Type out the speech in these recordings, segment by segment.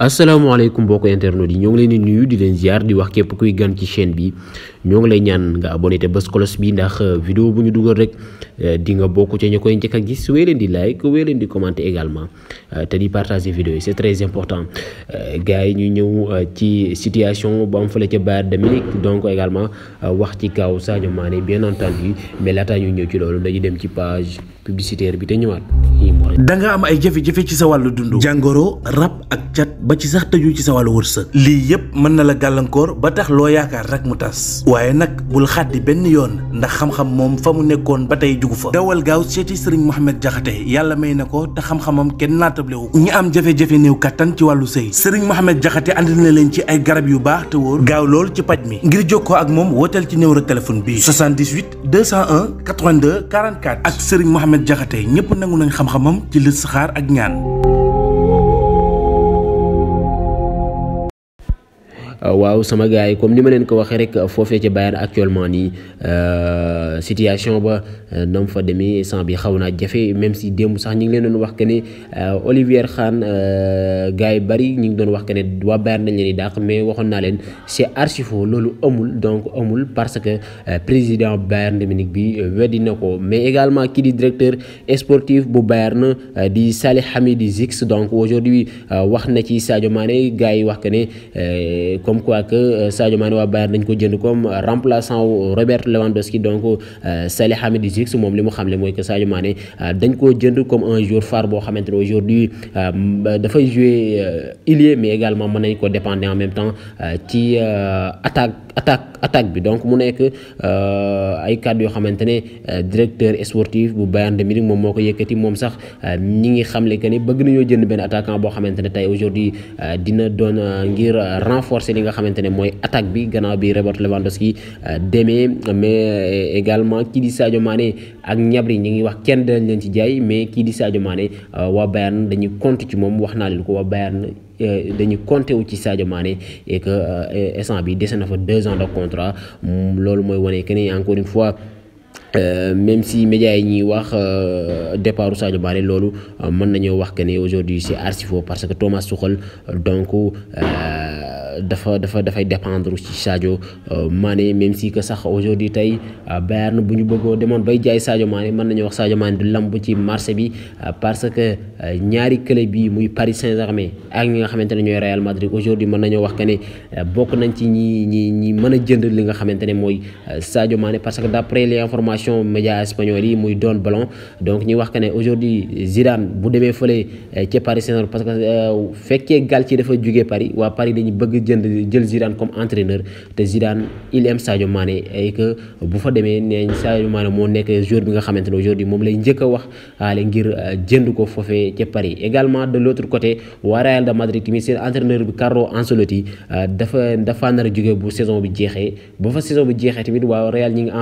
asalaamaaleykum mbokk internet yi ñoo ngi leen di nuyu di leen ziar di wax képp kuy gan ci chaîne bi ñoo ngi lay ñaan nga abonné te bës kolos bi ndax vidéo bu ñu dugal rek eh, di nga bokk ci ñu koy gis di like wéy di commenter également eh, te di partager vidéo yi c'est très important gars yi ñu ñëw ci situation bu am fële ca Bayern de donc également eh, wax ci kaw Sadio Mané bien entendu mais laata ñu ñëw ci loolu dañu dem ci page publicitaire bi te ñëwaat da nga am ay jafe-jafe ci sa wàllu dund jàngoro rab ak cat ba ci sax tëju ci sa wàllu wërsëg lii yépp mën na la gàllankoor ba tax rek mu waaye nag bul xaddi benn yoon ndax xam-xam moom fa mu nekkoon ba tey jugu fa dawal gaaw seeti sëriñ Mohamed Diakhaté yàlla may na ko te xam-xamam kenn naatable wu ñi am jafe-jafe néew kattan ci wàllu sëy sëriñ Mohamed jaxate andil na leen ci ay garab yu baax te wóor gaaw lool ci paj mi ngir jokkoo ak moom wooteel ci numéro téléphone bi 78 201 82 44 ak sëriñ Mohamed jaxate ñëpp nangu nañ xam-xamam ci listixaar ak ñaan Euh, waaw sama gars yi comme ni ma ko rek Bayern actuellement euh, situation ba euh, fa sans bi même si sax leen que Olivier Kahn gars bari ñu doon wax que mais leen archi amul donc amul parce que président Bayern bi weddi mais également kii di directeur sportif bu Bayern di Zix donc aujourd'hui wax na ci Sadio Mané gars yi wax que comme quoi que euh, Sadio Mané wa Bayern dañ ko jënd comme euh, remplaçant Robert Lewandowski donc euh, Salihamidzic Zix moom li mu xamle mooy que Sadio Mané dañ ko jënd comme un joueur phare bo xamante aujourd'hui aujourd'hui fay jouer ailier mais également mën nañ ko dépendre en même temps ci attaque attaque attaque bi donc mu euh ay kàddu yo à maintenir directeur sportif bu Bayern de Munich mom moko yëkëti mom sax ñi ngi xamlé que ni bëgg nañoo jënd ben attaquant bo xamante tay aujourd'hui dina don ngir renforcer nga xamante ne mooy attaque bi gannaaw bi Robert Lewandowski euh, demee mais euh, également kii di Sadio Mané ak ñabri ñi ngi wax kenn dañ leen ci jaay mais kii di Sadio Mané euh, waa Bayern dañuy compte ci moom wax naa leen ko waa Bayern dañu compté wu ci Sadio Mané et que instant bi dese na fa deux ans de contrat loolu mooy wane que ni encore une fois même si médias yi ñuy wax départu Sadio Mané loolu mën nañoo wax que ne aujourd'hui c'est archi faux parce que Thomas Tuchel donc dafa dafa dafay dépendre ci Sadio euh, Mané même si que sax aujourd'hui tay euh, Bayern buñu ñu bëggoo demoon bay jaay Sadio Mané mën nañu wax Sadio Mané du lamb ci marché bi euh, parce que ñaari club bi muy Paris Saint-Germain ak ñi nga ñoy Real Madrid aujourd'hui mën nañu wax que ne bokku nañ ci ñi ñi ñi mëna jënd li nga xamante moy Sadio Mané parce que d'après les informations médias espagnols yi muy Don ballon donc ñi wax que ne aujourd'hui Zidane bu devez feulé ci Paris Saint-Germain parce que fekkee gal ci dafa joggé Paris à Paris dañu bëgg jënd jël Zidane comme entraîneur te Zidane il aime Sadio Mané et que bu fa démé né Sadio Mané mo nek joueur bi nga xamante aujourd'hui mom lay njëkk wax aale ngir euh, jënd ko fofé ci Paris également de l'autre côté wa Real de Madrid tamit seen entraîneur bi Carlo Ancelotti euh, dafa dafa nar a bu saison bi jéxé bu fa saison bi jéxé tamit wa Real ñi ngi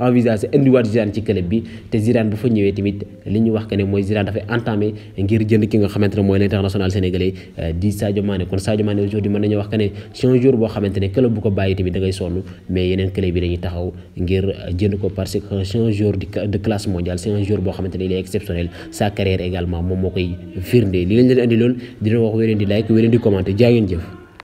indi indiwaat Zidane ci club bi te Zidane bu fa ñëwé tamit li ñu wax que né moy Zidane dafa entamé ngir jënd ki nga xamante moy l'international sénégalais euh, di Sadio Mané kon Sadio Mané aujourd'hui mën nañu wax que ne si un jour boo xamante ne club bu ko bàyyi tamit da ngay sonn mais yeneen club yi dañuy taxaw ngir jënd ko parce que c'est un de classe mondiale c'est un boo xamante ne il exceptionnel sa carrière également moom moo koy firnde li lañ leen andi lool dina wax wéy leen di like wéy leen di commenter jaa jëf.